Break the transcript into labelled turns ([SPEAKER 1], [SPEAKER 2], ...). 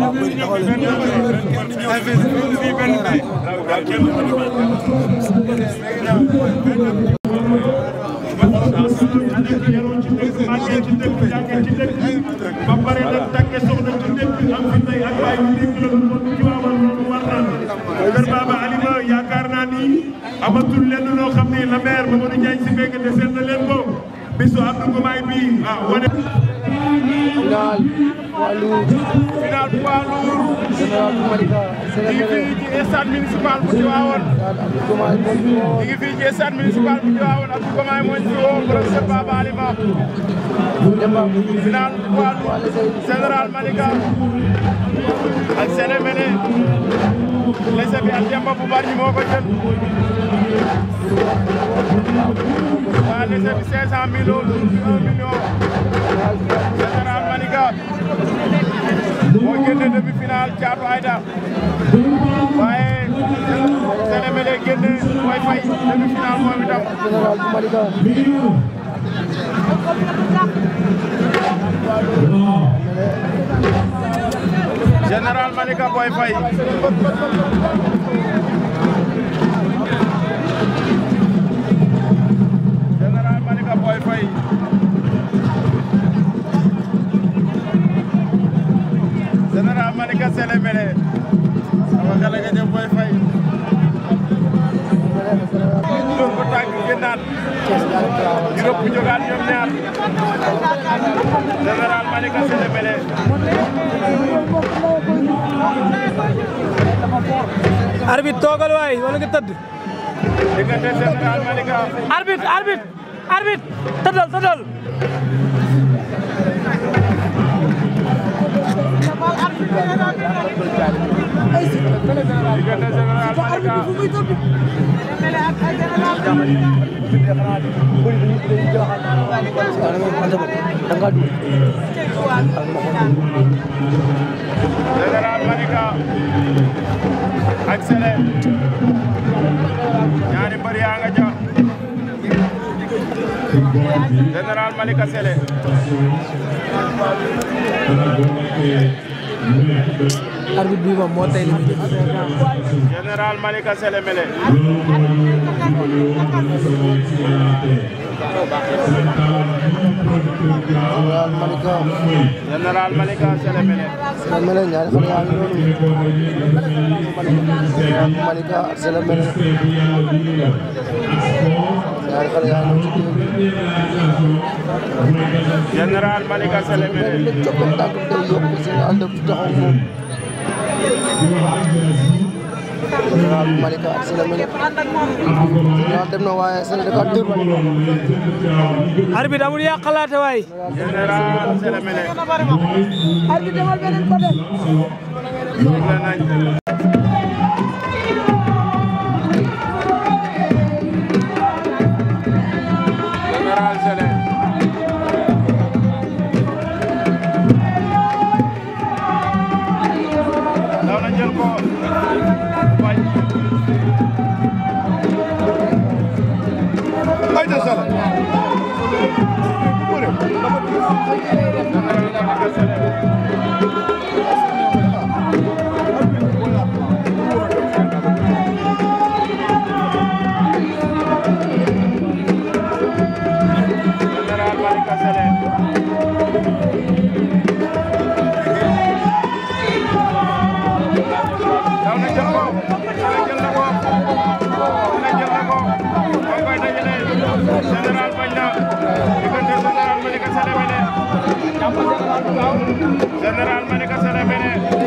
[SPEAKER 1] waaw bëri na wala ñu ba pare nag tàkke soxna ci dëkk am fi tey ak baay ñu dégg la kon ci waawal loolu war na kër Baba Alima yaakaar naa ni amatul lenn loo xam ni la maire Mamadou Ndiaye si fekk deseen na leen ko bisu Abdou Gomaay bi ah wane final poids lourd. final poids lourd. général bu Malika. ñu ngi fii ci stade municipal bu Tivaouane. ñu ngi fii ci stade municipal bu Tivaouane ak Gomaay mooy ci woo professeur Baba Alima. final poids lourd général Malika ak Sénémélé. léegi bi Aldiamba bu bari moo ko jël waaw léegi bi 500000 loolu 1 million Général Malika moo génne demi-finale Thiatou Aïda waaye Sénémélé génne Malika Boy Faye général Malika Boy Faye général Malika Sele Mele sama xale nga jëm Boy Faye dóor ko tànk génnaat ñu rëpp jógaat ñoom ñaar général Malika Sele Mele arbitre toogal waay wala nga tëdd. diggante général Malika. arbitre arbitre arbitre tëddal tëddal. diggante général Malika. da ngaa dugg. général Malika Sélé arbitre bi moom moo tey li muy général Malika Sélé Mélé général Malika général Malika Sélé Mélé Mélé ñaari xale yaa ngi noonu Malika Sélé Mélé général Malika Sélébéré mel ni Jokalante day yokk si ànd ak taxaw moom. général Malika ak Sélébéré général dem na waaye Sélébéré dafa tëru. arbitre amul yàqalaate waay. général Sélébéré. arbitre demal beneen côté. général Malika Sene Bene